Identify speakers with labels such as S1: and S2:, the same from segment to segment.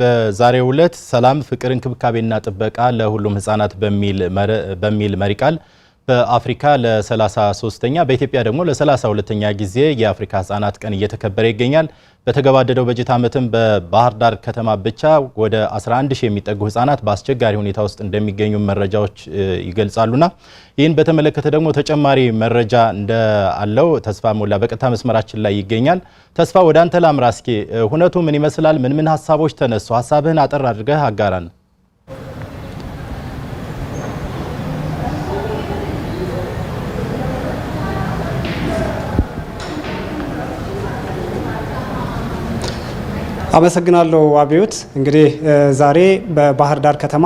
S1: በዛሬው ዕለት ሰላም፣ ፍቅር፣ እንክብካቤና ጥበቃ ለሁሉም ህጻናት በሚል መሪ ቃል በአፍሪካ ለ33ኛ በኢትዮጵያ ደግሞ ለ32ኛ ጊዜ የአፍሪካ ህጻናት ቀን እየተከበረ ይገኛል። በተገባደደው በጀት ዓመትም በባህር ዳር ከተማ ብቻ ወደ 11 ሺህ የሚጠጉ ህጻናት በአስቸጋሪ ሁኔታ ውስጥ እንደሚገኙ መረጃዎች ይገልጻሉና ይህን በተመለከተ ደግሞ ተጨማሪ መረጃ እንዳለው ተስፋ ሞላ በቀጥታ መስመራችን ላይ ይገኛል። ተስፋ ወደ አንተ ላምራ። እስኪ ሁነቱ ምን ይመስላል? ምን ምን ሀሳቦች ተነሱ? ሀሳብህን አጠር አድርገህ አጋራን።
S2: አመሰግናለሁ አብዮት። እንግዲህ ዛሬ በባህር ዳር ከተማ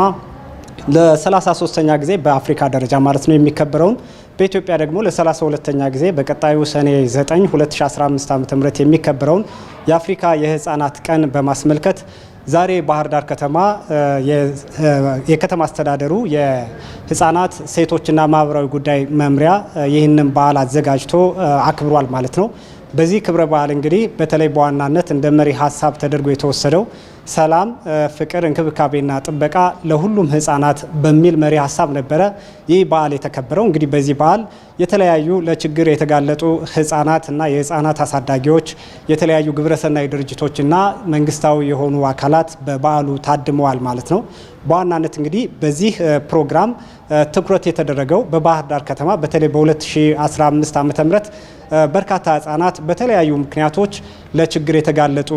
S2: ለ33ኛ ጊዜ በአፍሪካ ደረጃ ማለት ነው የሚከበረውን በኢትዮጵያ ደግሞ ለ32ኛ ጊዜ በቀጣዩ ሰኔ 9 2015 ዓ.ም የሚከበረውን የአፍሪካ የህፃናት ቀን በማስመልከት ዛሬ ባህር ዳር ከተማ የከተማ አስተዳደሩ የህፃናት ሴቶችና ማህበራዊ ጉዳይ መምሪያ ይህንን በዓል አዘጋጅቶ አክብሯል ማለት ነው። በዚህ ክብረ በዓል እንግዲህ በተለይ በዋናነት እንደ መሪ ሀሳብ ተደርጎ የተወሰደው ሰላም፣ ፍቅር፣ እንክብካቤና ጥበቃ ለሁሉም ህጻናት በሚል መሪ ሀሳብ ነበረ ይህ በዓል የተከበረው። እንግዲህ በዚህ በዓል የተለያዩ ለችግር የተጋለጡ ህጻናት እና የህጻናት አሳዳጊዎች የተለያዩ ግብረሰናይ ድርጅቶችና መንግስታዊ የሆኑ አካላት በበዓሉ ታድመዋል ማለት ነው። በዋናነት እንግዲህ በዚህ ፕሮግራም ትኩረት የተደረገው በባህር ዳር ከተማ በተለይ በ2015 ዓ ም በርካታ ህጻናት በተለያዩ ምክንያቶች ለችግር የተጋለጡ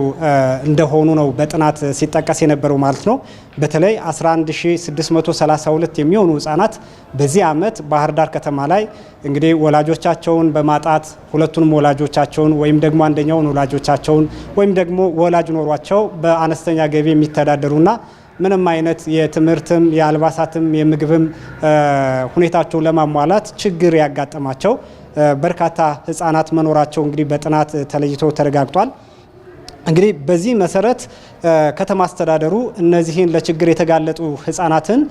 S2: እንደሆኑ ነው በጥናት ሲጠቀስ የነበረው ማለት ነው። በተለይ 11632 የሚሆኑ ህጻናት በዚህ ዓመት ባህር ዳር ከተማ ላይ እንግዲህ ወላጆቻቸውን በማጣት ሁለቱንም ወላጆቻቸውን ወይም ደግሞ አንደኛውን ወላጆቻቸውን ወይም ደግሞ ወላጅ ኖሯቸው በአነስተኛ ገቢ የሚተዳደሩና ምንም አይነት የትምህርትም የአልባሳትም የምግብም ሁኔታቸውን ለማሟላት ችግር ያጋጠማቸው በርካታ ህጻናት መኖራቸው እንግዲህ በጥናት ተለይቶ ተረጋግጧል። እንግዲህ በዚህ መሰረት ከተማ አስተዳደሩ እነዚህን ለችግር የተጋለጡ ህጻናትን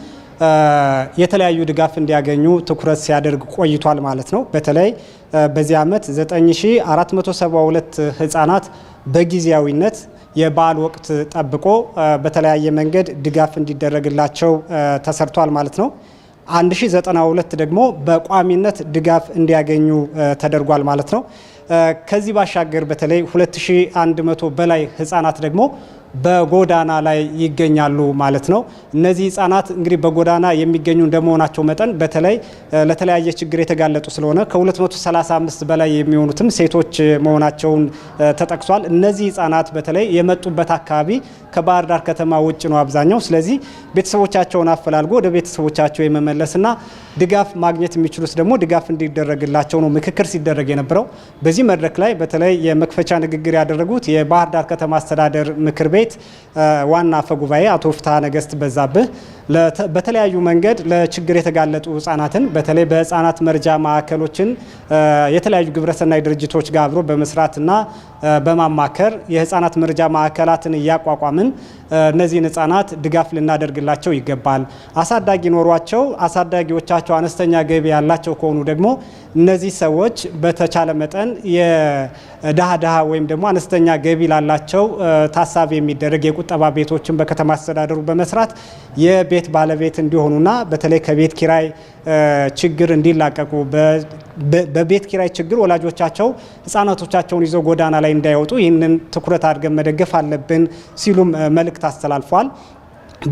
S2: የተለያዩ ድጋፍ እንዲያገኙ ትኩረት ሲያደርግ ቆይቷል ማለት ነው። በተለይ በዚህ ዓመት 9472 ህጻናት በጊዜያዊነት የበዓል ወቅት ጠብቆ በተለያየ መንገድ ድጋፍ እንዲደረግላቸው ተሰርቷል ማለት ነው። 1092 ደግሞ በቋሚነት ድጋፍ እንዲያገኙ ተደርጓል ማለት ነው። ከዚህ ባሻገር በተለይ 2100 በላይ ህጻናት ደግሞ በጎዳና ላይ ይገኛሉ ማለት ነው። እነዚህ ህጻናት እንግዲህ በጎዳና የሚገኙ እንደመሆናቸው መጠን በተለይ ለተለያየ ችግር የተጋለጡ ስለሆነ ከ235 በላይ የሚሆኑትም ሴቶች መሆናቸውን ተጠቅሷል። እነዚህ ህጻናት በተለይ የመጡበት አካባቢ ከባህር ዳር ከተማ ውጭ ነው አብዛኛው። ስለዚህ ቤተሰቦቻቸውን አፈላልጎ ወደ ቤተሰቦቻቸው የመመለስና ድጋፍ ማግኘት የሚችሉት ደግሞ ድጋፍ እንዲደረግላቸው ነው ምክክር ሲደረግ የነበረው። በዚህ መድረክ ላይ በተለይ የመክፈቻ ንግግር ያደረጉት የባህር ዳር ከተማ አስተዳደር ምክር ቤት ቤት ዋና አፈ ጉባኤ አቶ ፍትሐ ነገስት በዛብህ በተለያዩ መንገድ ለችግር የተጋለጡ ህጻናትን በተለይ በህጻናት መርጃ ማዕከሎችን የተለያዩ ግብረሰናይ ድርጅቶች ጋር አብሮ በመስራትና በማማከር የህጻናት መርጃ ማዕከላትን እያቋቋምን እነዚህን ህጻናት ድጋፍ ልናደርግላቸው ይገባል። አሳዳጊ ኖሯቸው አሳዳጊዎቻቸው አነስተኛ ገቢ ያላቸው ከሆኑ ደግሞ እነዚህ ሰዎች በተቻለ መጠን የድሃ ድሃ ወይም ደግሞ አነስተኛ ገቢ ላላቸው ታሳቢ የሚደረግ የቁጠባ ቤቶችን በከተማ አስተዳደሩ በመስራት ቤት ባለቤት እንዲሆኑና በተለይ ከቤት ኪራይ ችግር እንዲላቀቁ በቤት ኪራይ ችግር ወላጆቻቸው ህጻናቶቻቸውን ይዘው ጎዳና ላይ እንዳይወጡ ይህንን ትኩረት አድርገን መደገፍ አለብን ሲሉም መልእክት አስተላልፏል።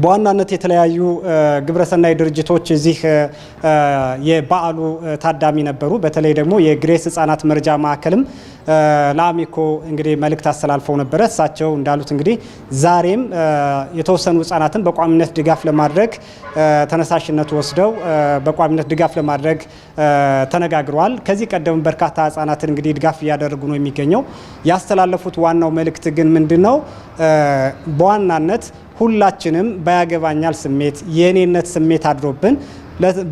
S2: በዋናነት የተለያዩ ግብረሰናይ ድርጅቶች እዚህ የበዓሉ ታዳሚ ነበሩ። በተለይ ደግሞ የግሬስ ህጻናት መርጃ ማዕከልም ለአሚኮ እንግዲህ መልእክት አስተላልፈው ነበረ። እሳቸው እንዳሉት እንግዲህ ዛሬም የተወሰኑ ህጻናትን በቋሚነት ድጋፍ ለማድረግ ተነሳሽነት ወስደው በቋሚነት ድጋፍ ለማድረግ ተነጋግረዋል። ከዚህ ቀደም በርካታ ህጻናትን እንግዲህ ድጋፍ እያደረጉ ነው የሚገኘው። ያስተላለፉት ዋናው መልእክት ግን ምንድን ነው? በዋናነት ሁላችንም በያገባኛል ስሜት የእኔነት ስሜት አድሮብን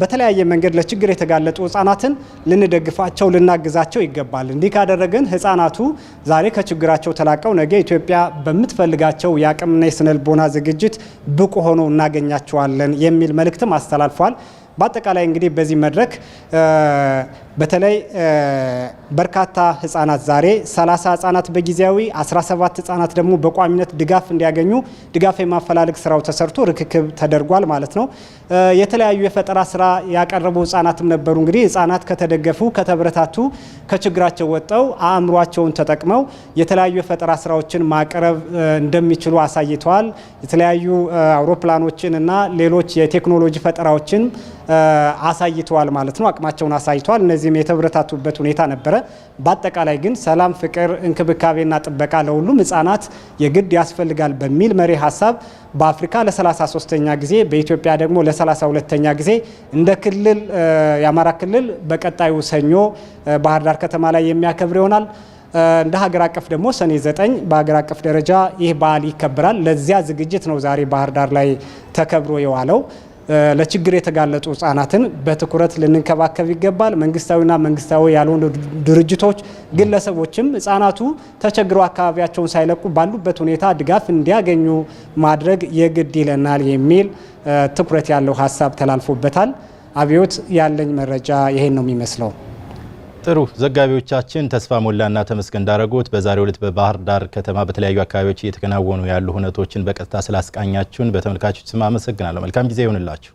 S2: በተለያየ መንገድ ለችግር የተጋለጡ ህጻናትን ልንደግፋቸው ልናግዛቸው ይገባል። እንዲህ ካደረግን ህጻናቱ ዛሬ ከችግራቸው ተላቀው ነገ ኢትዮጵያ በምትፈልጋቸው የአቅምና የስነልቦና ዝግጅት ብቁ ሆኖ እናገኛቸዋለን የሚል መልእክትም አስተላልፏል። በአጠቃላይ እንግዲህ በዚህ መድረክ በተለይ በርካታ ህጻናት ዛሬ 30 ህጻናት በጊዜያዊ 17 ህጻናት ደግሞ በቋሚነት ድጋፍ እንዲያገኙ ድጋፍ የማፈላለግ ስራው ተሰርቶ ርክክብ ተደርጓል ማለት ነው። የተለያዩ የፈጠራ ስራ ያቀረቡ ህጻናትም ነበሩ። እንግዲህ ህጻናት ከተደገፉ፣ ከተበረታቱ፣ ከችግራቸው ወጠው አእምሯቸውን ተጠቅመው የተለያዩ የፈጠራ ስራዎችን ማቅረብ እንደሚችሉ አሳይተዋል። የተለያዩ አውሮፕላኖችን እና ሌሎች የቴክኖሎጂ ፈጠራዎችን አሳይተዋል ማለት ነው። አቅማቸውን አሳይተዋል። እንደዚህም የተበረታቱበት ሁኔታ ነበረ። በአጠቃላይ ግን ሰላም፣ ፍቅር፣ እንክብካቤና ጥበቃ ለሁሉም ህጻናት የግድ ያስፈልጋል በሚል መሪ ሀሳብ በአፍሪካ ለ33ኛ ጊዜ በኢትዮጵያ ደግሞ ለ32ኛ ጊዜ እንደ ክልል የአማራ ክልል በቀጣዩ ሰኞ ባህር ዳር ከተማ ላይ የሚያከብር ይሆናል። እንደ ሀገር አቀፍ ደግሞ ሰኔ ዘጠኝ በሀገር አቀፍ ደረጃ ይህ በዓል ይከበራል። ለዚያ ዝግጅት ነው ዛሬ ባህር ዳር ላይ ተከብሮ የዋለው። ለችግር የተጋለጡ ህጻናትን በትኩረት ልንከባከብ ይገባል። መንግስታዊና መንግስታዊ ያልሆኑ ድርጅቶች፣ ግለሰቦችም ህጻናቱ ተቸግረው አካባቢያቸውን ሳይለቁ ባሉበት ሁኔታ ድጋፍ እንዲያገኙ ማድረግ የግድ ይለናል የሚል ትኩረት ያለው ሀሳብ ተላልፎበታል። አብዮት ያለኝ መረጃ ይሄን ነው የሚመስለው።
S1: ጥሩ ዘጋቢዎቻችን ተስፋ ሞላና ተመስገን እንዳረጉት በዛሬው ዕለት በባህር ዳር ከተማ በተለያዩ አካባቢዎች እየተከናወኑ ያሉ ሁነቶችን በቀጥታ ስላስቃኛችሁን በተመልካቾች ስም አመሰግናለሁ። መልካም ጊዜ ይሆንላችሁ።